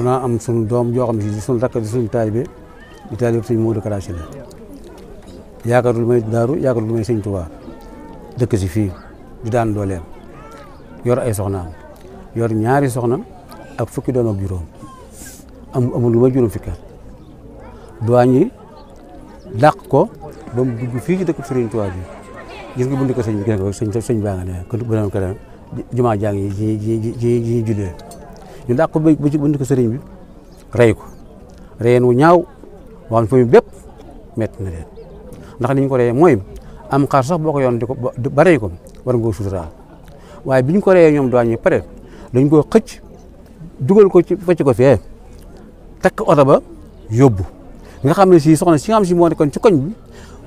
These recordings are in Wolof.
danaa am suñu doom joo xam ne si suñu rakk di suñu taalibe di taalibe suñu Modou Kara Sylla yaakaarul may daaru yaakaarul may sëñ Tuubaa dëkk si fii di daan dooleem yor ay soxnaam yor ñaari soxna ak fukki doom ak juróom am amul lu ma juróom fukki at duwaañ yi dàq ko ba mu dugg fii ci dëkk Sëriñ Tuubaa bi gis nga bunt ko sëñ bi gis nga ko sëñ sëñ baa nga ne ko bu doon ko jumaa jàng yi ji ji ji ji jullee ñu dàq ko ba ci bunt ko sëriñ bi rey ko reyeen wu ñaaw waaw fa mu bépp metti na leen ndax li ko reyee mooy am xar sax boo ko yoon di ko ba rey ko war nga ko suturaal waaye bi ñu ko reyee ñoom daañu pare dañ koo xëcc dugal ko ci fecc ko fee takk oto ba yóbbu nga xam ne si soxna si nga xam si moo nekkoon ci koñ bi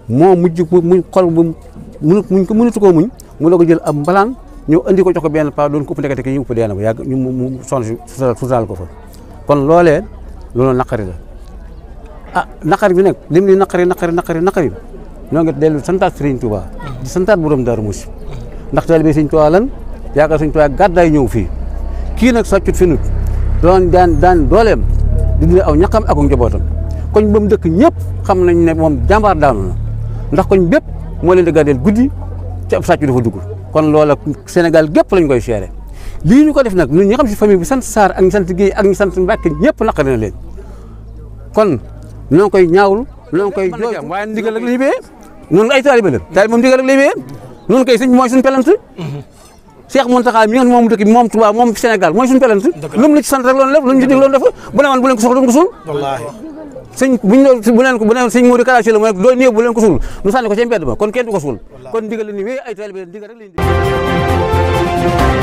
moo mujj mu xol bu mu muñ ko mënatu muñ mu la ko jël ab mbalaan ñu andi ko jox ko benn pa doon ko ëpp nekkati ki ñu ëpp dee na ba yàgg ñu mu sonn ko fa kon loolee loolu naqari la ah naqari bi nag lim li naqari naqari naqari naqari ñoo ngi dellu santaat Sëriñ Tuubaa di santaat borom Daaru Musi ndax taalibe Sëriñ Tuubaa lan yaakaar Sëriñ Tuubaa gàddaay ñëw fii kii nag sàccut fi nut doon daan daan dooleem di dina aw ñaqam ak njabootam koñ ba mu dëkk ñëpp xam nañ ne moom jàmbaar daanu na ndax koñ bépp moo leen di gàddeel guddi ci ab sàcc dafa dugg kon loola senegal gépp lañ koy seere lii ñu ko def nag ñun ñi xam si famille bi sant saar ak ñu sant Guèye ak ñu sant Mbacke ñëpp naqari na leen kon ñoo koy ñaawlu ñoo ngi koy jooy waaye ndigal rek la ñuy béyee noonu ay taalibe la taalibe moom ndigal rek lay béyee noonu kay sëñ mooy suñu pelant Cheikh Mountakha mi nga moom dëkk bi moom Touba mooy suñu pelant lu mu la ci sant rek loolu lépp lu mu ci dig loolu bu ne woon bu leen ko soxla doon sëñ bu ñu bu Kara Sylla mooy doo néew bu nu sànni ko ca mbedd ba kon kenn du kon ndigal la ni wéy ay taalibe ndigal rek la